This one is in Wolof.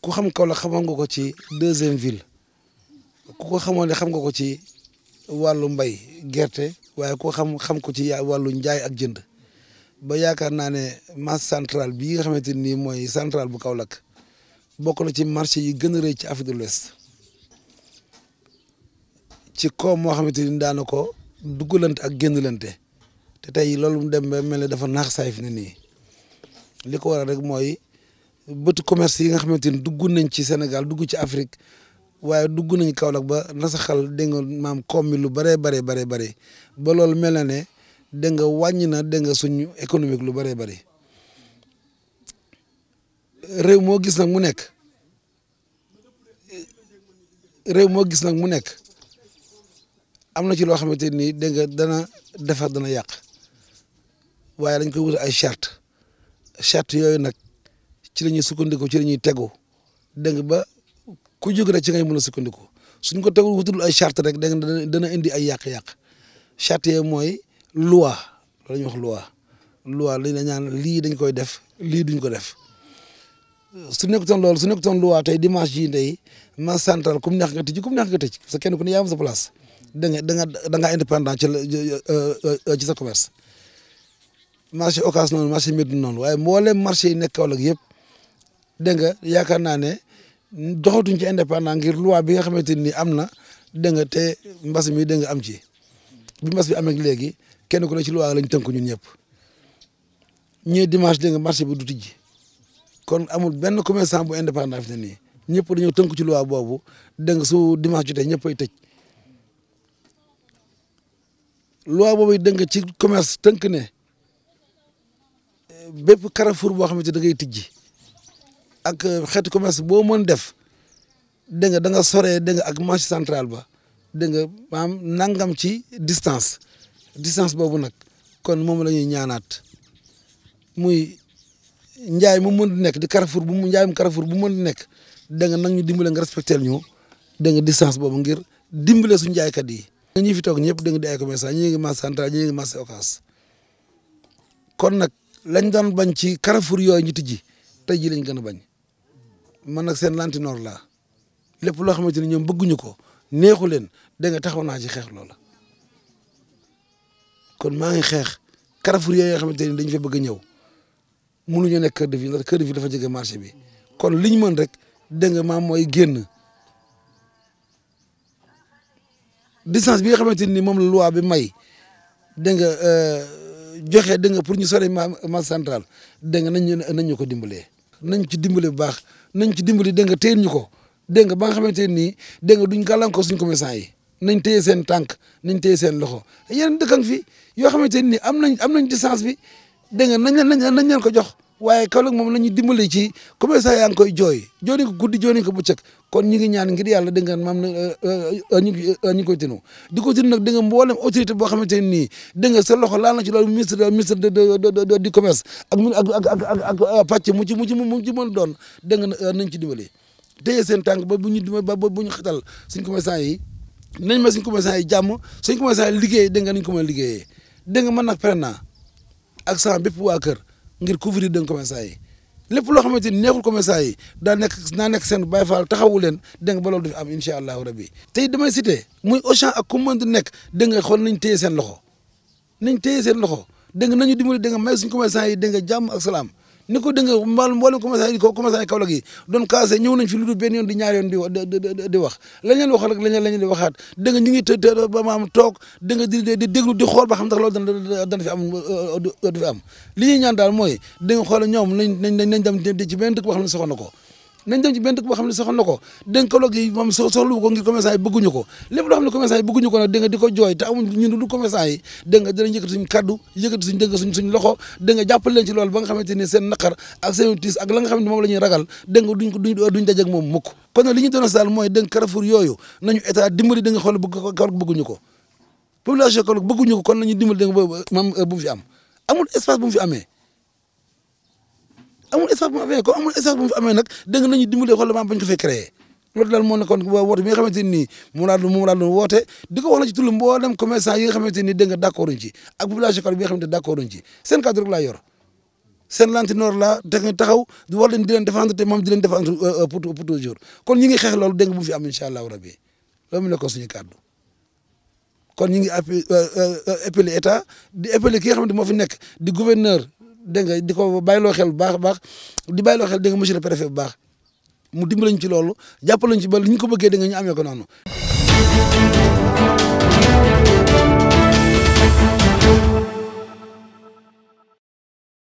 ko xam Kaolack xamoon nga ko ci deuxième ville ku ko xamoon ne xam nga ko ci wàllu mbay gerte waaye ku xam xam ko ci wàllu njaay ak jënd ba yaakaar naa ne masse centrale bii nga xamante nii mooy centrale bu kawlak bokk na ci marché yi gën a rëy ci Afrique de l'Ouest ci koom moo xamante ni daana ko duggalante ak génnlante te tey loolu mu dem mel ne dafa naax say fi ne nii li ko waral rek mooy. bëtu commerce yi nga xamante ni dugg nañ ci Sénégal dugg ci Afrique waaye dugg nañ Kaolack ba nasaxal dégg nga maam koom lu bëree bëree bëree bëri ba loolu mel na ne dégg nga wàññi na dégg nga suñu économique lu bëree bëri réew moo gis na mu nekk réew moo gis nag mu nekk am na ci loo xamante ni dégg nga dana defar dana yàq waaye dañ koy wutal ay charte charte yooyu nag ci lañuy ñuy sukkandiku ci lañuy teggu tegu ba ku jog rek ci ngay mëna a sukkandiku suñ ko tegu wutul ay charte rek dégg dana indi ay yàq-yàq charte yi mooy loi lañ wax loi loi li la ñaan li dañ koy def li duñ ko def su nekkutoon loolu su nekkutoon loi tay dimanche yi ndey ma central kum neex nga tëj kum neex nga tëj sa kenn ku ne yaa am sa place da nga da nga da nga indépendant ci la ci euh, sa commerce marché occasion non marché mid non waye mbolé marché yi nekk Kaolack dégg nga yaakaar naa ne doxatuñ ci indépendant ngir loi bi nga xamante ni am na dégg nga te mbas mi dégg am ci bi mbas bi amee léegi kenn ku ne ci loi lañ tënk ñu ñëpp ñu dimanche dégg marché bi du tijji kon amul benn commerçant bu indépendant fi ne nii ñëpp dañoo tënk ci loi boobu dégg nga su dimanche jotee ñëpp ay tëj loi boobu dégg nga ci commerce tënk ne bépp carrefour boo xamante da ngay tijji. ak euh, xeetu commerce boo mën def dégg nga da nga soree dégg nga ak marché central ba denga nga maanaam nangam ci distance distance boobu bunak, kon moom la ñuy ñaanaat muy njaay mu mën di nekk di Carrefour bu mu njaay mu Carrefour bu mën di nekk da nga nag ñu dimbale nga respecté ñu dégg nga distance boobu ngir dimbale suñu jaaykat yi. ñi fi toog ñëpp dégg nga di ay commerçant ñii ngi marché central ñii ngi marché Ocass kon nak lañ doon bañ ci Carrefour yooyu ñu tijji tey lañ gën bañ. man nag seen lantinoor laa lépp loo xamante ni ñoom bëgguñu ko neexu leen da nga taxaw naa ci xeex loola kon maa ngi xeex carrefour yooyu nga xamante ni dañ fa bëgg a ñëw mënuñu nekk kër de ville ndax kër de ville dafa jege marché bi kon liñ mën rek dégg nga maam mooy génn distance bi nga xamante ni moom la bi may dégg nga euh, joxe dégg nga pour ñu sori ma central dégg nga nañ ñu nañ ñu ko dimbalee. nañ ci dimbali bu baax nañ ci dimbali dégg nga téye ñu ko dégg nga ba nga xamante ne nii dégg nga duñ gàllankoor suñ commerçant yi nañ téye seen tànk nañ téye seen loxo yeneen dëkkan fi yoo xamante ne nii am nañ am nañ distance bi dégg nga nañ leen nañ leen ko jox waaye Kaolack moom la ñu dimbale ci commerçant yaa ngi koy jooy jooni ko guddi jooni ko bëccëg kon ñu ngi ñaan ngir yàlla dégg nga maam na euh, euh, ñu ngi koy euh, tinu di ko tinu nag dégg nga mboolem autorité boo xamante ne nii nga sa loxo laal na ci loolu ministre ministre de du commerce ak ak ak ak mu ci mu ci mu ci mën doon dégg nga nañ ci dimbale téye seen tànk ba bu ñu ba bu ñu xatal suñ commerçant yi nañ ma suñ commerçant yi jàmm suñ commerçant yi liggéey dégg nga nañ ko mën a liggéeyee man nag pren naa ak sama bépp waa kër ngir couvrir dëng commerçant yi lépp loo xamante ni neexul commerçant yi daa nekk naa nekk seen Baay Faal taxawu leen dégg nga ba loolu fi am incha allah rabbi tey damay cité muy Auchan ak ku nekk dégg nga xool nañ téye seen loxo nañ téye seen loxo dégg nga nañu dégg nga may suñ commerçant yi dégg nga jàmm ak salaam ni ko dégg nga mbaal mboolem commencé ko commencé Kaolack yi doon kaase ñëw nañ fi lu dul yoon di ñaari yoon di di di wax lañ leen wax rek di waxaat dégg nga ñu ngi tëdd ba maam toog dégg nga di di déglu di xool ba xam ndax loolu dana dana fi am du li ñuy ñaan daal mooy dégg nga xool ñoom nañ nañ nañ dem ci benn dëkk boo xam ne na ko nañ dem ci benn dëkk boo xam ne soxal na ko dénkaloog yi ko ngir commerçant yi bëgguñu ko lépp loo xam ne commerçant yi bëgguñu ko nag dégg nga di ko jooy te amuñ ñun du commerçant yi dégg nga dinañ yëkkati suñ kaddu yëkkati suñ dégg suñ suñ ba nga xamante ni seen naqar ak kon na li ñu doon saal mooy dégg euh, fi am amul espace bu fi amee amul espace bu mu amee comme amul espace bu mu fi amee nag nañu dimbalee xool maam bañ ko fee créé loolu daal moo nekkoon woote bi nga xamante ni moom laa doon moom laa doon woote di ko wax la ci tullu mboolem commerçant yi nga xamante ni dégg nga d' accord uñ ci ak population bi nga xamante laa yor seen lantinoor la leen di leen défendre te moom di leen défendre euh, euh, pour pour toujours kon ñi ngi xeex loolu dégg nga kon ñu ngi euh, appelé état di appelé ki nga xamante moo fi nekk di gouverneur dégg nga di ko bàyyiloo xel bu baax a baax di bàyyiloo xel dégg nga monsieur le préfet bu baax mu dimbalañ ci loolu jàppalañ ci ba li ñu ko bëggee da ñu amee ko noonu